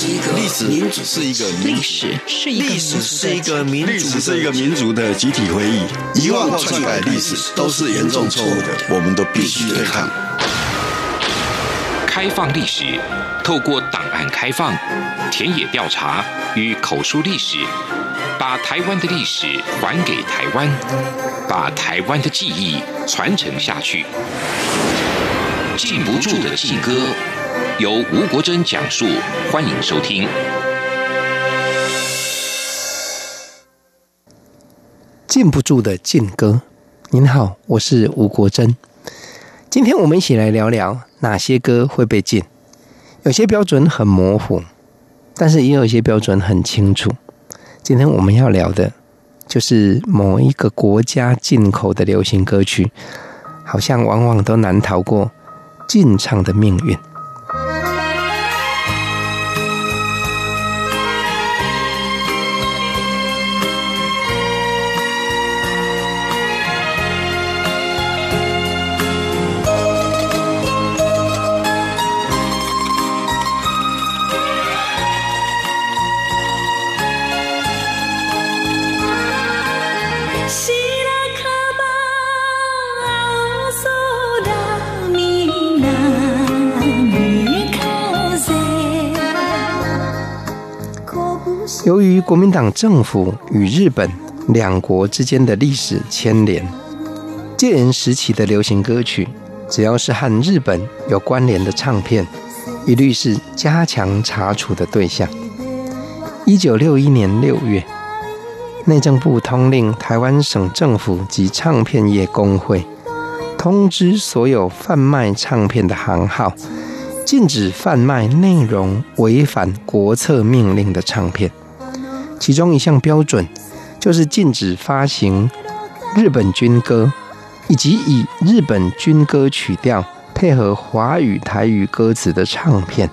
歷史是一個歷史是一個歷史是一個民族是一個民族的集體回憶，遺忘或篡改歷史都是嚴重錯誤的，我們都必須對抗。開放歷史，透過檔案開放、田野調查與口述歷史，把臺灣的歷史還給臺灣，把臺灣的記憶傳承下去。禁不住的禁歌。由吳國禎講述，歡迎收聽。禁不住的禁歌，您好，我是吳國禎。今天我們一起來聊聊哪些歌會被禁。有些標準很模糊，但是也有一些標準很清楚。今天我們要聊的就是某一個國家進口的流行歌曲，好像往往都難逃過禁唱的命運。由於國民黨政府與日本兩國之間的歷史牽連，戒嚴時期的流行歌曲，只要是和日本有關聯的唱片，一律是加強查處的對象。一九六一年六月，內政部通令台灣省政府及唱片業公會，通知所有販賣唱片的行號，禁止販賣內容違反國策命令的唱片。其中一項標準就是禁止發行日本軍歌，以及以日本軍歌曲調配合華語台語歌詞的唱片。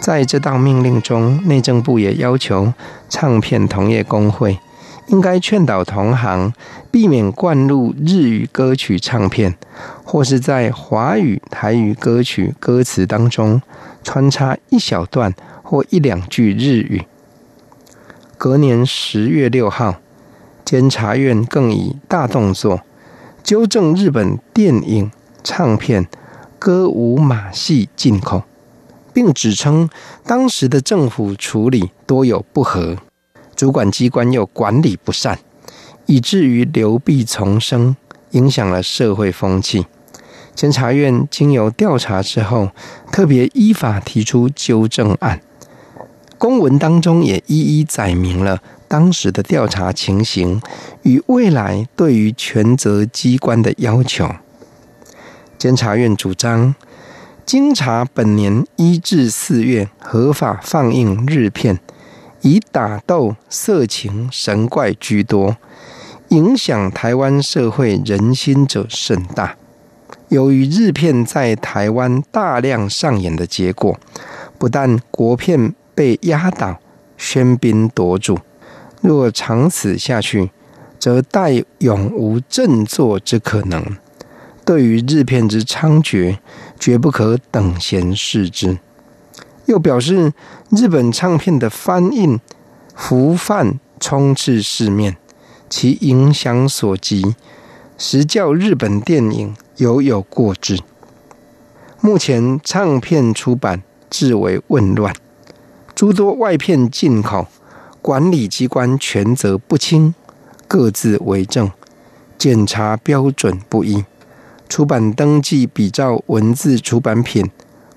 在這道命令中，內政部也要求唱片同業公會應該勸導同行避免灌入日語歌曲唱片，或是在華語台語歌曲歌詞當中穿插一小段或一兩句日語。隔年十月六號，監察院更以大動作糾正日本電影、唱片、歌舞馬戲進口，並指稱當時的政府處理多有不合，主管機關又管理不善，以至於流弊叢生，影響了社會風氣。監察院經由調查之後，特別依法提出糾正案。公文當中也一一載明了當時的調查情形與未來對於權責機關的要求。監察院主張，經查本年一至四月合法放映日片，以打鬥、色情、神怪居多，影響台灣社會人心者甚大。由於日片在台灣大量上演的結果，不但國片被壓倒，喧賓奪主。若長此下去，則代永無振作之可能。對於日片之猖獗，絕不可等閒視之。又表示日本唱片的翻印、浮泛充斥市面，其影響所及，實較日本電影猶有，有過之。目前唱片出版至為混亂。諸多外片進口，管理機關權責不清，各自為政，檢查標準不一。出版登記比照文字出版品，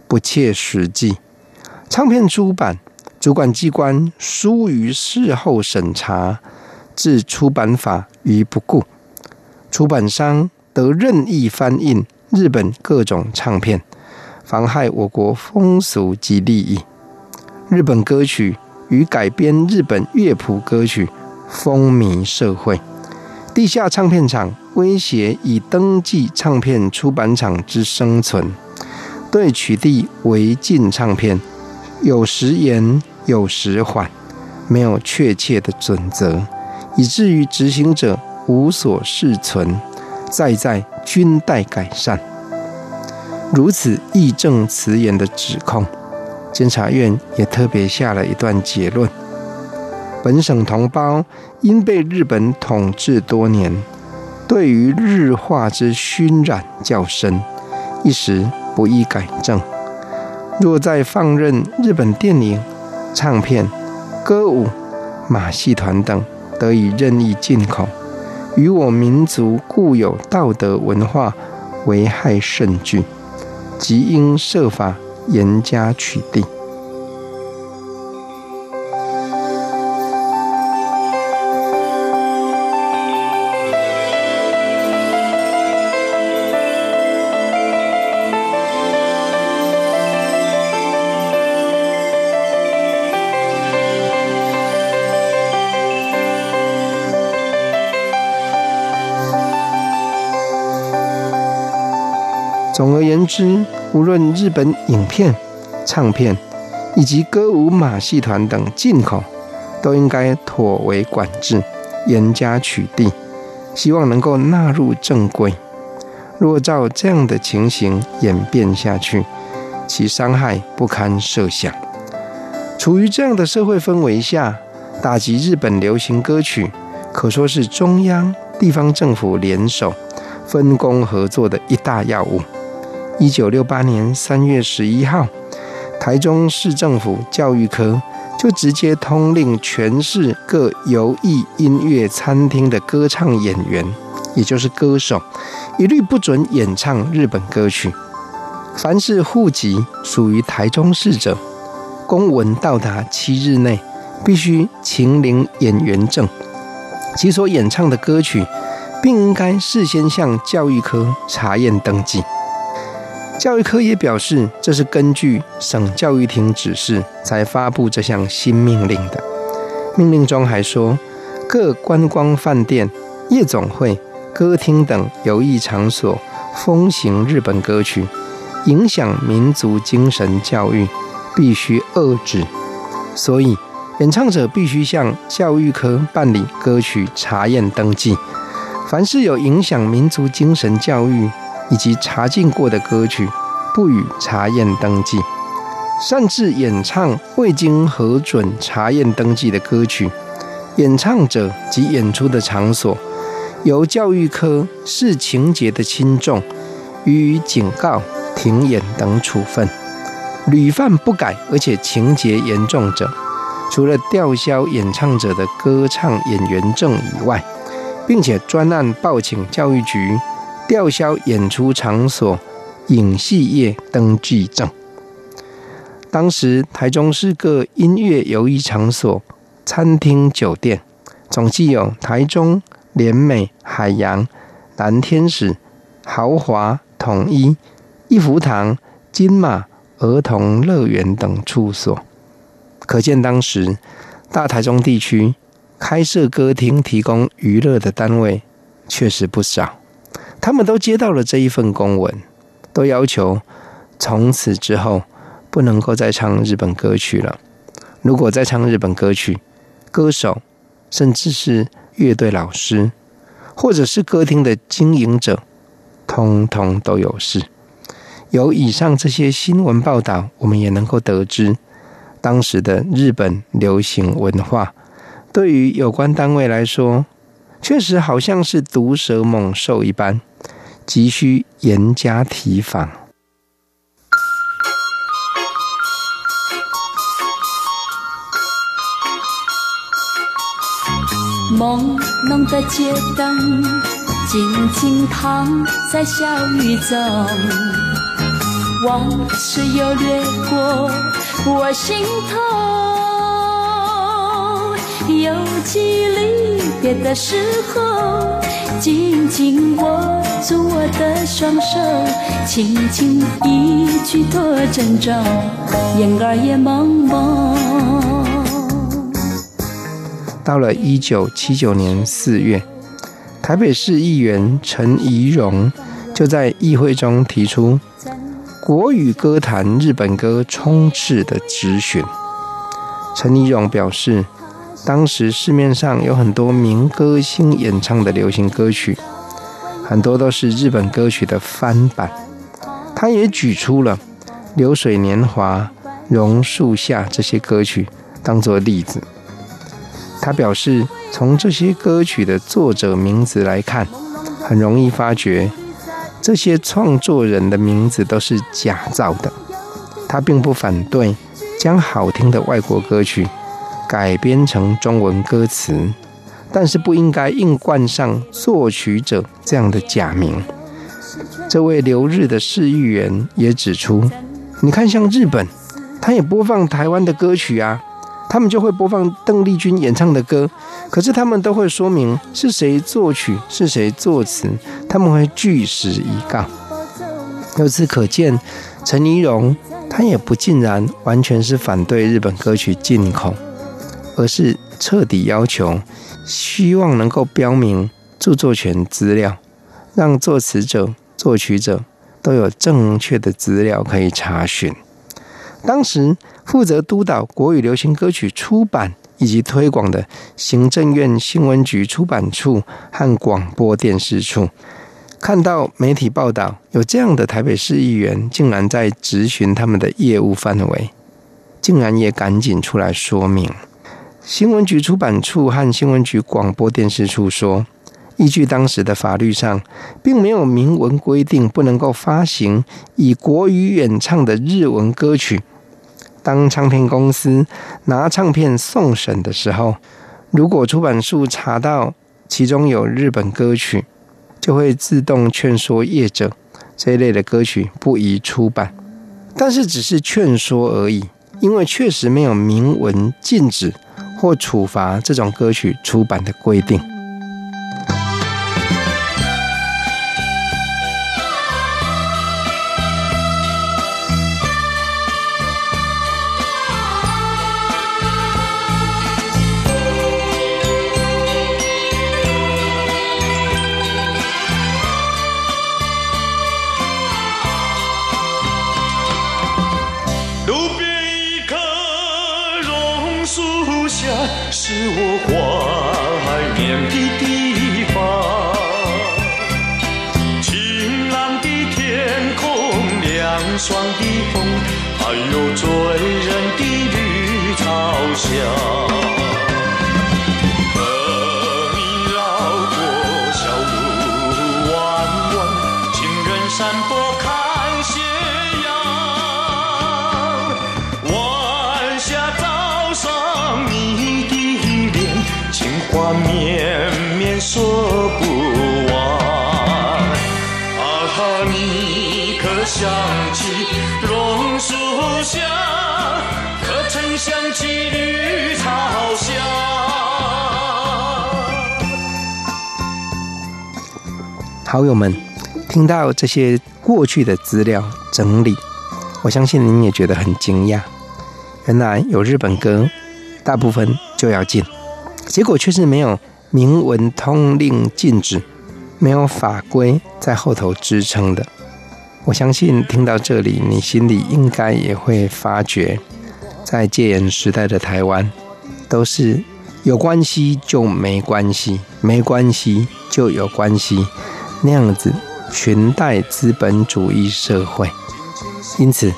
不切實際。唱片出版主管機關疏於事後審查，置出版法於不顧，出版商得任意翻印日本各種唱片，妨害我國風俗及利益。日本歌曲與改編日本樂譜歌曲風靡社會，地下唱片廠威脅以登記唱片出版廠之生存，對取締違禁唱片，有時延，有時緩，沒有確切的準則，以至於執行者無所適從，在在均待改善。如此義正辭嚴的指控。監察院也特別下了一段結論：本省同胞因被日本統治多年，對於日化之熏染較深，一時不易改正。若再放任日本電影、唱片、歌舞、馬戲團等得以任意進口，與我民族固有道德文化為害甚鉅，即應設法。嚴加取締。總而言之。無論日本影片、唱片，以及歌舞馬戲團等進口，都應該妥為管制，嚴加取締。希望能夠納入正規。若照這樣的情形演變下去，其傷害不堪設想。處於這樣的社會氛圍下，打擊日本流行歌曲，可說是中央、地方政府聯手、分工合作的一大要務。一九六八年三月十一號，台中市政府教育科就直接通令全市各遊藝音樂餐廳的歌唱演員，也就是歌手，一律不准演唱日本歌曲。凡是戶籍屬於台中市者，公文到達七日內，必須請領演員證，其所演唱的歌曲，並應該事先向教育科查驗登記。教育科也表示，這是根據省教育廳指示才發布這項新命令的。命令中還說，各觀光飯店、夜總會、歌廳等遊藝場所，風行日本歌曲，影響民族精神教育，必須遏止。所以，演唱者必須向教育科辦理歌曲查驗登記。凡是有影響民族精神教育，以及查禁過的歌曲，不予查驗登記。擅自演唱未經核准查驗登記的歌曲，演唱者及演出的場所，由教育科視情節的輕重，予以警告、停演等處分。屢犯不改，而且情節嚴重者，除了吊銷演唱者的歌唱演員證以外，並且專案報請教育局。吊銷演出場所、影戲業登記證。當時台中是個音樂遊藝場所、餐廳、酒店，總計有台中聯美、海洋、藍天使、豪華、統一、一福堂、金馬、兒童樂園等處所。可見當時大台中地區開設歌廳、提供娛樂的單位確實不少。他們都接到了這一份公文，都要求從此之後不能夠再唱日本歌曲了。如果再唱日本歌曲，歌手甚至是樂隊老師，或者是歌廳的經營者，通通都有事。由以上這些新聞報道，我們也能夠得知，當時的日本流行文化對於有關單位來說。確實好像是毒蛇猛獸一般，急需嚴加提防。朦朧的街燈靜靜躺在小雨中，往事又掠過我心頭，有幾別的時候緊緊握住我的雙手，輕輕一舉多珍重，眼兒也朦朦。到了一九七九年四月，台北市議員陳怡蓉就在議會中提出國語歌壇日本歌充斥的質詢。陳怡蓉表示當時市面上有很多名歌星演唱的流行歌曲，很多都是日本歌曲的翻版。他也舉出了《流水年華》《榕樹下》這些歌曲當作例子。他表示，從這些歌曲的作者名字來看，很容易發覺這些創作人的名字都是假造的。他並不反對將好聽的外國歌曲，改編成中文歌詞，但是不應該硬冠上作曲者這樣的假名。這位留日的市議員也指出，你看，像日本，他也播放台灣的歌曲啊，他們就會播放鄧麗君演唱的歌，可是他們都會說明是誰作曲、是誰作詞，他們會據實以告。由此可見，陳怡蓉他也不盡然完全是反對日本歌曲進口。而是徹底要求，希望能夠標明著作權資料，讓作詞者、作曲者都有正確的資料可以查詢。當時負責督導國語流行歌曲出版以及推廣的行政院新聞局出版處和廣播電視處，看到媒體報道有這樣的台北市議員竟然在質詢他們的業務範圍，竟然也趕緊出來說明。新聞局出版處和新聞局廣播電視處說，依據當時的法律上，並沒有明文規定不能夠發行以國語演唱的日文歌曲。當唱片公司拿唱片送審的時候，如果出版處查到其中有日本歌曲，就會自動勸說業者，這一類的歌曲不宜出版，但是只是勸說而已，因為確實沒有明文禁止，或處罰這種歌曲出版的規定。想起榕樹下，可曾想起綠草香？好友們，聽到這些過去的資料整理，我相信您也覺得很驚訝。原來有日本歌，大部分就要禁，結果卻是沒有明文通令禁止，沒有法規在後頭支撐的。我相信聽到這裡，你心裡應該也會發覺，在戒嚴時代的台灣，都是有關係就沒關係，沒關係就有關係，那樣子裙帶資本主義社會。因此，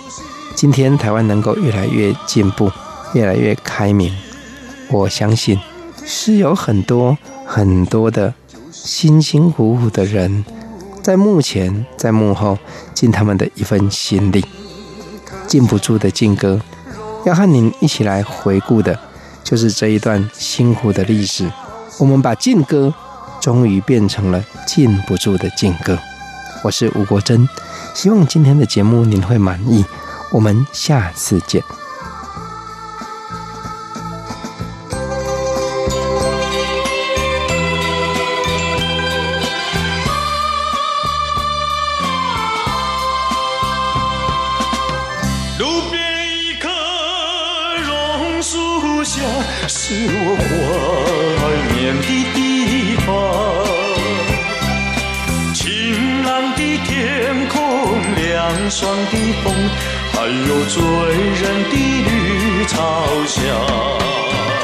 今天台灣能夠越來越進步，越來越開明，我相信是有很多很多的辛辛苦苦的人，在幕前，在幕後。盡他們的一份心力，禁不住的禁歌，要和您一起來回顧的，就是這一段辛苦的歷史。我們把禁歌，終於變成了禁不住的禁歌。我是吳國珍，希望今天的節目您會滿意。我們下次見。路邊一棵榕樹下，是我懷念的地方。晴朗的天空，涼爽的風，還有醉人的綠草香。